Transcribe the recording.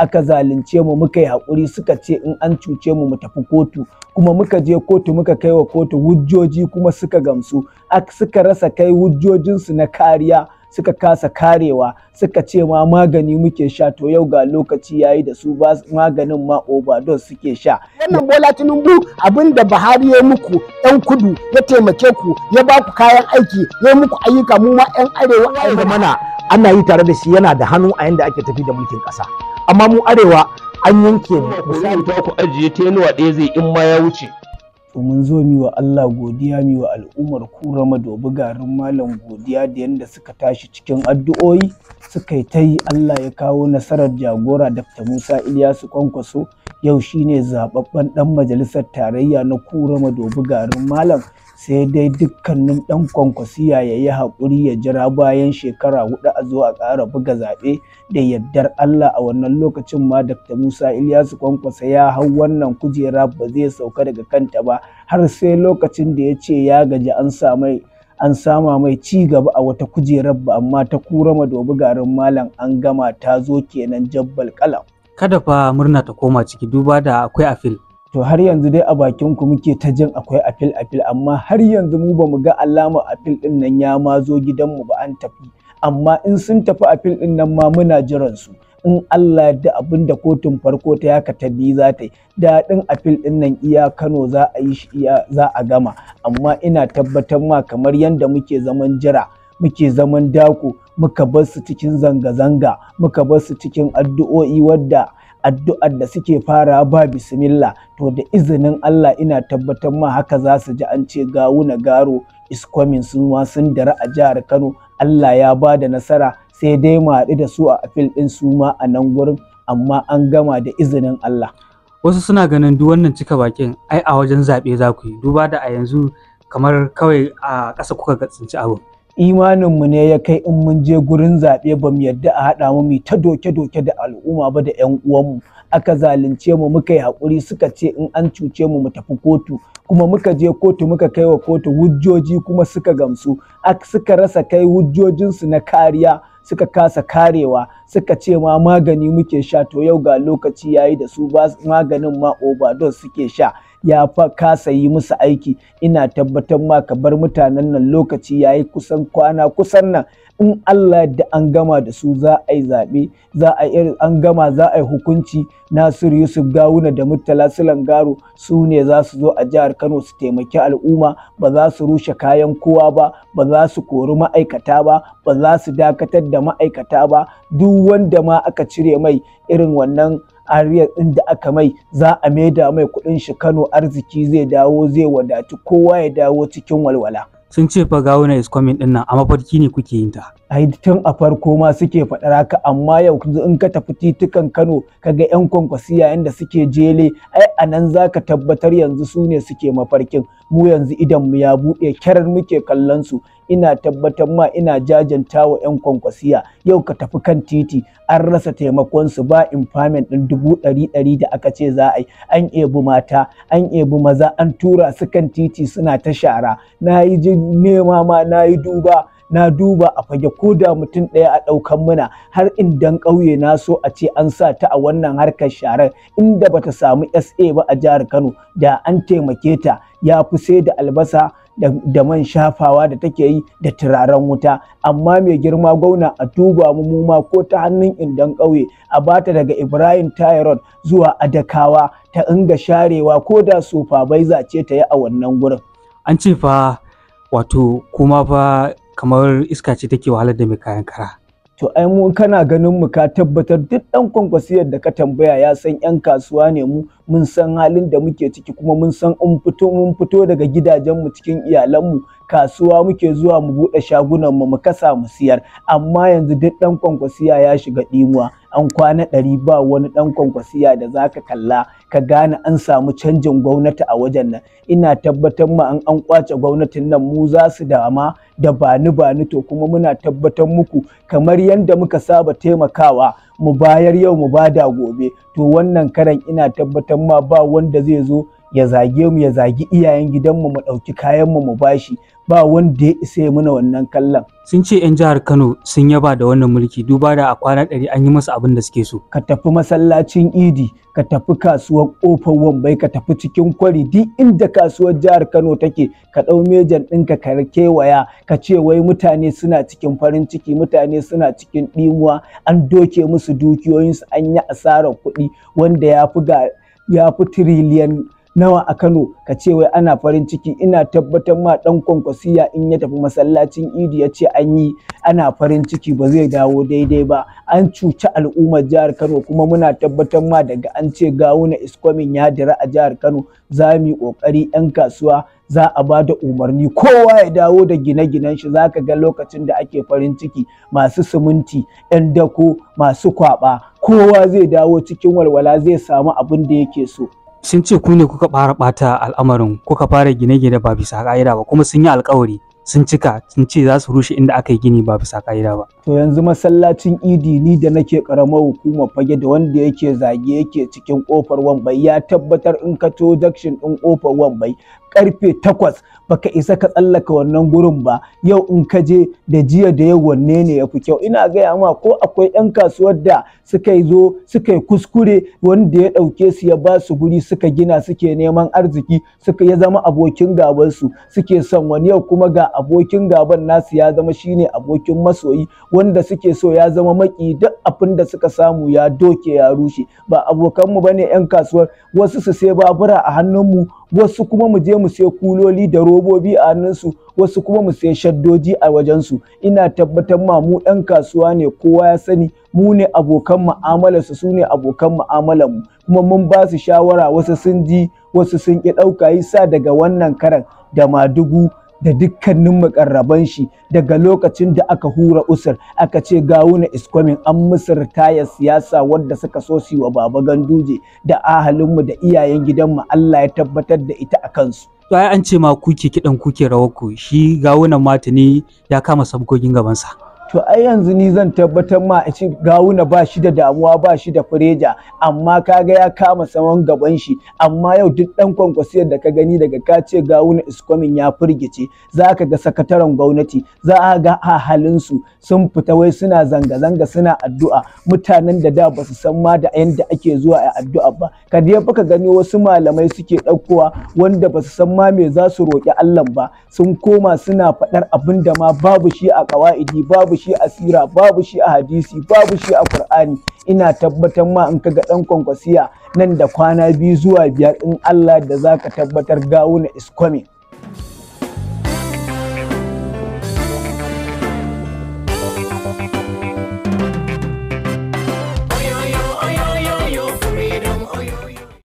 aka zalunce mu muka yi haƙuri suka ce in an cuce mu mu tafi kotu kuma muka je kotu muka kai wa kotu hujjoji kuma suka gamsu suka rasa kai hujjojinsu na kariya suka kasa karewa suka ce ma magani muke sha to yau ga lokaci yayi da su ba maganin ma overdose suke sha wannan bola tinubu abin da bahari ya muku yan kudu ya taimake ku ya ba ku kayan aiki ya muku ayyuka mu ma yan arewa a mana ana yi tare da shi yana da hannu a yanda ake tafi da mulkin ƙasa amma mu arewa an yanke mu misali ta ku ajiye ta yanuwa ɗaya zai in ma ya wuce to mun zo mi wa Allah godiya mi wa al'ummar kurama dobi garin malam godiya da yanda suka tashi cikin addu'o'i suka yi ta yi Allah ya kawo nasarar jagora Dr. Musa Ilyasu Kwankwaso yau shine zababben dan majalisar tarayya na kurama dobi garin malam sai dai dukkanin ɗan kwankwasiya ya yi haƙuri ya jira bayan shekara huɗu a zo a ƙara buga zaɓe da yardar Allah a wannan lokacin ma Dr. Musa Ilyasu kwankwasa ya hau wannan kujera ba zai sauka daga kanta ba har sai lokacin da ya ce ya gaji an an sama mai ci gaba a wata kujerar ba amma ta kura madobi garin malam an gama ta zo kenan jabbal kalam kada fa murna ta koma ciki duba da akwai afil to har yanzu dai a bakin ku muke ta jin akwai apil apil amma har yanzu mu bamu ga alama apil din nan ya ma zo mu ba an tafi amma in sun tafi apil din nan ma muna jiran su in Allah da abin da kotun farko ta yaka ta bi za ta yi daɗin apil din nan iya Kano za a yi iya za a gama amma ina tabbatar ma kamar yadda muke zaman jira muke zaman dako muka bar su cikin zanga-zanga muka bar su cikin addu'o'i wadda addu'ar da suke fara ba bismillah to da izinin Allah ina tabbatar ma haka za su ji an ce gawuna garo iskomin sun ma sun dara a jihar Kano Allah ya ba da nasara sai dai mu haɗu da su a afil ɗin su ma a nan gurin amma an gama da izinin Allah. Wasu suna ganin duk wannan cika bakin ai a wajen zaɓe za ku yi duba da a yanzu kamar kawai a ƙasa kuka tsinci abu. imaninmu ne ya kai in mun je gurin zaɓe ba mu yadda a haɗa mu mu ta doke-doke da al'umma ba da 'yan uwanmu aka zalunce mu muka yi haƙuri suka ce in an cuce mu mu tafi kotu kuma muka je kotu muka kai wa kotu hujjoji kuma suka gamsu suka rasa kai hujjojinsu na kariya suka kasa karewa suka ce ma magani muke sha to yau ga lokaci yayi da su ba maganin ma overdose suke sha ya fa kasa yi musu aiki ina tabbatar ma ka bar mutanen nan lokaci yayi kusan kwana kusan nan in Allah da an gama da su za a yi zaɓe za a yi an gama za a yi hukunci Nasir Yusuf Gawuna da Murtala Sulan Garo su ne za su zo a jihar Kano su taimaki al'umma ba za su rushe kayan kowa ba ba za su kori ma'aikata ba ba za su dakatar da ma'aikata ba duk wanda ma aka cire mai irin wannan ariyar ɗin da aka mai za a maida mai kuɗin shi Kano arziki zai dawo zai wadatu kowa ya dawo cikin walwala. Sun ce fa gawuna is coming ɗin nan a mafarki ne kuke yin ta. tun a farko ma suke faɗa haka amma yau in ka tafi titukan Kano kaga yan ƴan Kwankwasiya da suke jele ai a nan za tabbatar yanzu su ne suke mafarkin mu yanzu idan mu ya buɗe kyarar muke kallon su ina tabbatar ma ina jajanta wa yan kwankwasiya yau ka tafi kan titi an rasa taimakon su ba impairment ɗin dubu ɗari ɗari da aka ce za a yi an ebi mata an ebi maza an tura su kan titi suna ta shara na yi nema ma na yi duba na duba a fage ko da mutum ɗaya a ɗaukan muna har indan ƙauye na so a ce an sa ta a wannan harkar sharar inda bata samu SA ba a jihar Kano da an taimake ta ya fi sai da albasa da man shafawa da take yi da turaren wuta amma mai girma gwauna a duba mu mu ma ko ta hannun indan ƙauye a bata daga ibrahim tyron zuwa adakawa ta inga sharewa ko da sofa bai zace ta yi a wannan gurin an ce fa wato kuma fa kamar iska ce take wahalar da mai kayan kara to ai mu kana ganin mu ka tabbatar duk ɗan kwankwasiyar da ka tambaya ya san yan kasuwa ne mu mun san halin da muke ciki kuma mun san in fito mun fito daga gidajen mu cikin iyalanmu. kasuwa muke zuwa mu buɗe shagunan mu mu kasa mu siyar amma yanzu duk ɗan kwankwasiya ya shiga ɗimuwa. an kwana ɗari ba wani ɗan kwankwasiya da za ka kalla ka gane an samu canjin gwamnati a wajen nan ina tabbatar ma an an kwace gwamnatin nan mu za su dama da bani bani to kuma muna tabbatar muku kamar yadda muka saba taimakawa mu bayar yau mu bada gobe to wannan karan ina tabbatar ma ba wanda zai zo ya zage mu ya zagi iyayen gidanmu mu ɗauki kayanmu mu bashi ba wanda ya isa ya muna wannan kallon. Sun ce 'yan jihar Kano sun yaba da wannan mulki duba da a kwana ɗari an yi musu abin da suke so. Ka tafi masallacin Idi, ka tafi kasuwar ƙofar Wambai, ka tafi cikin kwari duk inda kasuwar jihar Kano take ka ɗau mejan ɗinka ka kewaya ka ce wai mutane suna cikin farin ciki mutane suna cikin ɗimuwa an doke musu dukiyoyinsu an yi asarar kuɗi wanda ya fi ga ya fi tiriliyan nawa a Kano ka ce wai ana farin ciki ina tabbatar ma dan kwankwasiya in ya tafi masallacin Idi ya ce an yi ana farin ciki ba zai dawo daidai ba an cuci al'ummar jihar Kano kuma muna tabbatar ma daga an ce gawuna iskomin ya dira a jihar Kano za mu yi kokari yan kasuwa za a ba da umarni kowa ya dawo da gine-ginen shi zaka ga lokacin da ake farin ciki masu siminti 'yan dako masu kwaba kowa zai dawo cikin walwala zai samu abin da yake so sun ce ku ne kuka fara ɓata al'amarin kuka fara gine-gine ba bisa ka'ida ba kuma sun yi alkawari sun cika sun ce za su rushe inda aka yi gini ba bisa ka'ida ba to yanzu masallacin idi ni da nake karamar hukumar fage da wanda yake zage yake cikin kofar wambai ya tabbatar in ka to dakshin din kofar wambai karfe takwas baka isa ka tsallaka wannan gurin ba yau in ka je da jiya da yau wanne ne ya fi kyau ina gaya ma ko akwai yan kasuwar da suka yi zo suka kuskure wanda ya ɗauke su ya ba su guri suka gina suke neman arziki suka ya zama abokin gaban su suke son wani yau kuma ga abokin gaban nasu ya zama shine abokin masoyi wanda suke so ya zama maki duk abin da suka samu ya doke ya rushe ba abokanmu ba ne 'yan kasuwar wasu su sai babura a hannunmu wasu kuma mu je mu sai kuloli da robobi a hannunsu wasu kuma mu sai shaddoji a wajensu ina tabbatar ma mu 'yan kasuwa ne kowa ya sani mu ne abokan mu'amalarsu su ne abokan mu'amalarmu kuma mun ba su shawara wasu sun ji wasu sun ki ɗauka yi sa daga wannan karan da madugu da dukkanin mukarraban shi daga lokacin da aka hura usur aka ce gawuna iskomin an musur taya siyasa wadda suka so su wa baba ganduje da ahalinmu da iyayen gidanmu Allah ya tabbatar da ita a kansu. To ai an ce ma kuke kidan kuke rawar ku shi gawunan ne ya kama sabgogin gabansa. to ai yanzu ni zan tabbatar ma a ce gawuna ba shi da damuwa ba shi da fureja amma kaga ya kama saman gaban shi amma yau duk dan kwankwasiyar da ka gani daga ka ce gawuna iskomin ya firgice za ka ga sakataren gwamnati za a ga a halin sun fita wai suna zanga-zanga suna addu'a mutanen da da basu san ma da yanda ake zuwa a addu'a ba ka dai baka gani wasu malamai suke ɗaukowa wanda basu san ma me za su roƙi Allah ba sun koma suna faɗar abin da ma babu shi a kawa'idi babu shi a sira babu shi a hadisi babu shi a qur'ani ina tabbatar ma in kaga dan kwankwasiya nan da kwana biyu zuwa biyar in Allah da zaka tabbatar gawuna is coming